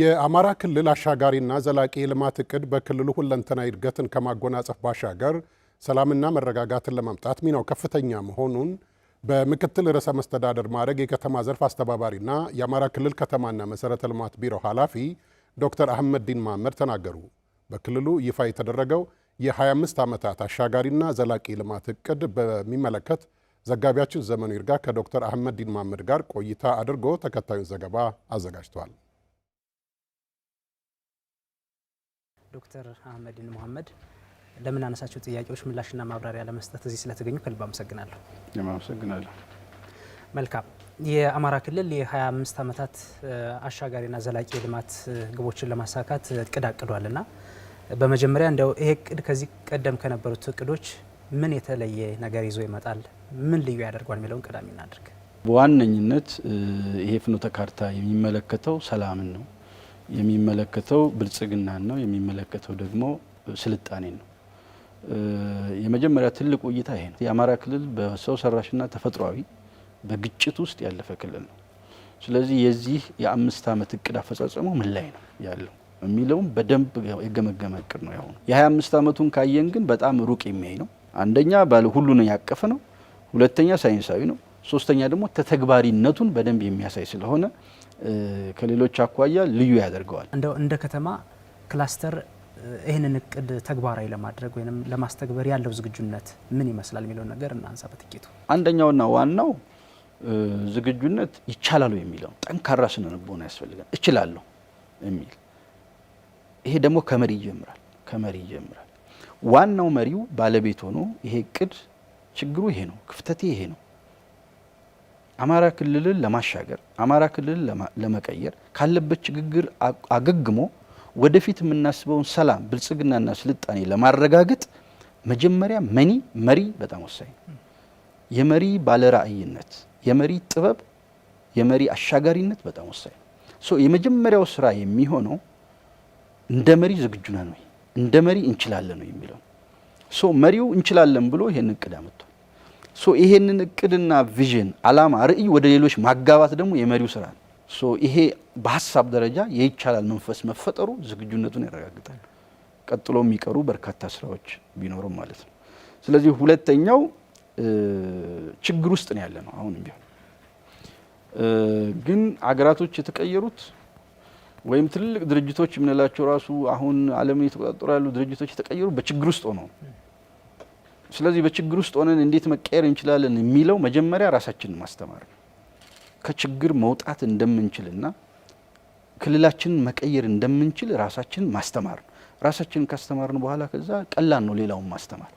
የአማራ ክልል አሻጋሪና ዘላቂ የልማት እቅድ በክልሉ ሁለንተና እድገትን ከማጎናጸፍ ባሻገር ሰላምና መረጋጋትን ለማምጣት ሚናው ከፍተኛ መሆኑን በምክትል ርዕሰ መስተዳደር ማዕረግ የከተማ ዘርፍ አስተባባሪና የአማራ ክልል ከተማና መሠረተ ልማት ቢሮ ኃላፊ ዶክተር አህመድ ዲን ማመር ተናገሩ። በክልሉ ይፋ የተደረገው የ25 ዓመታት አሻጋሪና ዘላቂ ልማት እቅድ በሚመለከት ዘጋቢያችን ዘመኑ ይርጋ ከዶክተር ዲን ማመድ ጋር ቆይታ አድርጎ ተከታዩን ዘገባ አዘጋጅቷል። ዶክተር አህመድን መሀመድ ለምናነሳቸው ጥያቄዎች ምላሽና ማብራሪያ ለመስጠት እዚህ ስለተገኙ ከልብ አመሰግናለሁ። አመሰግናለሁ። መልካም። የአማራ ክልል የ25 ዓመታት አሻጋሪና ዘላቂ የልማት ግቦችን ለማሳካት እቅድ አቅዷልና በመጀመሪያ እንደው ይሄ እቅድ ከዚህ ቀደም ከነበሩት እቅዶች ምን የተለየ ነገር ይዞ ይመጣል? ምን ልዩ ያደርጓል? የሚለውን ቀዳሚ እናድርግ። በዋነኝነት ይሄ ፍኖተ ካርታ የሚመለከተው ሰላምን ነው። የሚመለከተው ብልጽግናን ነው፣ የሚመለከተው ደግሞ ስልጣኔ ነው። የመጀመሪያ ትልቁ እይታ ይሄ ነው። የአማራ ክልል በሰው ሰራሽና ተፈጥሯዊ በግጭት ውስጥ ያለፈ ክልል ነው። ስለዚህ የዚህ የአምስት ዓመት እቅድ አፈጻጸሙ ምን ላይ ነው ያለው የሚለውም በደንብ የገመገመ እቅድ ነው ያሁኑ። የሀያ አምስት ዓመቱን ካየን ግን በጣም ሩቅ የሚያይ ነው። አንደኛ ባለ ሁሉን ያቀፈ ነው፣ ሁለተኛ ሳይንሳዊ ነው፣ ሶስተኛ ደግሞ ተተግባሪነቱን በደንብ የሚያሳይ ስለሆነ ከሌሎች አኳያ ልዩ ያደርገዋል። እንደው እንደ ከተማ ክላስተር ይህንን እቅድ ተግባራዊ ለማድረግ ወይም ለማስተግበር ያለው ዝግጁነት ምን ይመስላል የሚለውን ነገር እናንሳ በጥቂቱ። አንደኛውና ዋናው ዝግጁነት ይቻላሉ የሚለው ጠንካራ ስነ ልቦና ያስፈልጋል። እችላለሁ የሚል ይሄ ደግሞ ከመሪ ይጀምራል። ከመሪ ይጀምራል። ዋናው መሪው ባለቤት ሆኖ ይሄ እቅድ ችግሩ ይሄ ነው፣ ክፍተቴ ይሄ ነው አማራ ክልልን ለማሻገር አማራ ክልልን ለመቀየር ካለበት ሽግግር አገግሞ ወደፊት የምናስበውን ሰላም ብልጽግናና ስልጣኔ ለማረጋገጥ መጀመሪያ መኒ መሪ በጣም ወሳኝ ነው። የመሪ ባለራዕይነት፣ የመሪ ጥበብ፣ የመሪ አሻጋሪነት በጣም ወሳኝ ነው። ሶ የመጀመሪያው ስራ የሚሆነው እንደ መሪ ዝግጁ ነን ወይ፣ እንደ መሪ እንችላለን ወይ የሚለው ሶ መሪው እንችላለን ብሎ ይሄን እቅድ አመጡ። ሶ ይሄንን እቅድና ቪዥን አላማ፣ ርእይ ወደ ሌሎች ማጋባት ደግሞ የመሪው ስራ ነው። ይሄ በሀሳብ ደረጃ የይቻላል መንፈስ መፈጠሩ ዝግጁነቱን ያረጋግጣል። ቀጥሎ የሚቀሩ በርካታ ስራዎች ቢኖሩም ማለት ነው። ስለዚህ ሁለተኛው ችግር ውስጥ ነው ያለ ነው። አሁንም ቢሆን ግን አገራቶች የተቀየሩት ወይም ትልልቅ ድርጅቶች የምንላቸው ራሱ አሁን ዓለምን እየተቆጣጠሩ ያሉ ድርጅቶች የተቀየሩ በችግር ውስጥ ሆነው ስለዚህ በችግር ውስጥ ሆነን እንዴት መቀየር እንችላለን የሚለው መጀመሪያ ራሳችንን ማስተማር ነው። ከችግር መውጣት እንደምንችልና ክልላችንን መቀየር እንደምንችል ራሳችንን ማስተማር ነው። ራሳችንን ካስተማርን በኋላ ከዛ ቀላል ነው ሌላውን ማስተማር።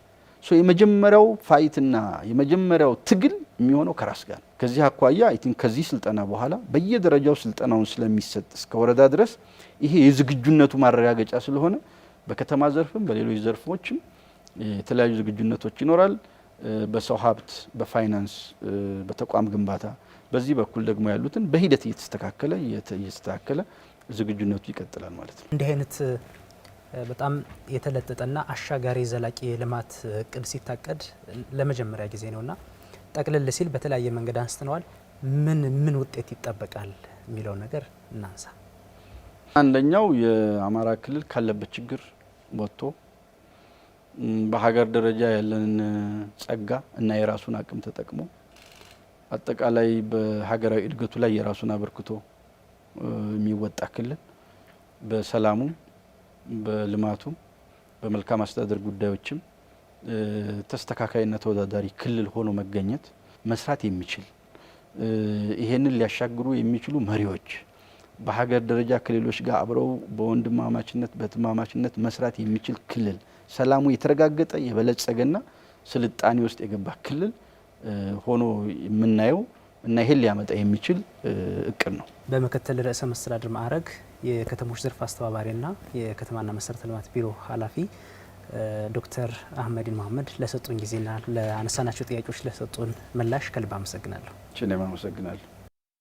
ሶ የመጀመሪያው ፋይትና የመጀመሪያው ትግል የሚሆነው ከራስ ጋር ነው። ከዚህ አኳያ ቲንክ ከዚህ ስልጠና በኋላ በየደረጃው ስልጠናውን ስለሚሰጥ እስከ ወረዳ ድረስ ይሄ የዝግጁነቱ ማረጋገጫ ስለሆነ በከተማ ዘርፍም በሌሎች ዘርፎችም የተለያዩ ዝግጁነቶች ይኖራል። በሰው ሀብት፣ በፋይናንስ፣ በተቋም ግንባታ በዚህ በኩል ደግሞ ያሉትን በሂደት እየተስተካከለ እየተስተካከለ ዝግጁነቱ ይቀጥላል ማለት ነው። እንዲህ አይነት በጣም የተለጠጠና አሻጋሪ ዘላቂ የልማት እቅድ ሲታቀድ ለመጀመሪያ ጊዜ ነውና ጠቅልል ሲል በተለያየ መንገድ አንስተነዋል። ምን ምን ውጤት ይጠበቃል የሚለው ነገር እናንሳ። አንደኛው የአማራ ክልል ካለበት ችግር ወጥቶ በሀገር ደረጃ ያለንን ጸጋ እና የራሱን አቅም ተጠቅሞ አጠቃላይ በሀገራዊ እድገቱ ላይ የራሱን አበርክቶ የሚወጣ ክልል በሰላሙም፣ በልማቱም፣ በመልካም አስተዳደር ጉዳዮችም ተስተካካይና ተወዳዳሪ ክልል ሆኖ መገኘት መስራት የሚችል ይሄንን ሊያሻግሩ የሚችሉ መሪዎች በሀገር ደረጃ ክልሎች ጋር አብረው በወንድማማችነት በትማማችነት መስራት የሚችል ክልል ሰላሙ የተረጋገጠ የበለጸገና ስልጣኔ ውስጥ የገባ ክልል ሆኖ የምናየው እና ይሄን ሊያመጣ የሚችል እቅድ ነው። በምክትል ርዕሰ መስተዳድር ማዕረግ የከተሞች ዘርፍ አስተባባሪና የከተማና መሰረተ ልማት ቢሮ ኃላፊ ዶክተር አህመዲን መሀመድ ለሰጡን ጊዜና ለአነሳናቸው ጥያቄዎች ለሰጡን ምላሽ ከልብ አመሰግናለሁ። ችን አመሰግናለሁ።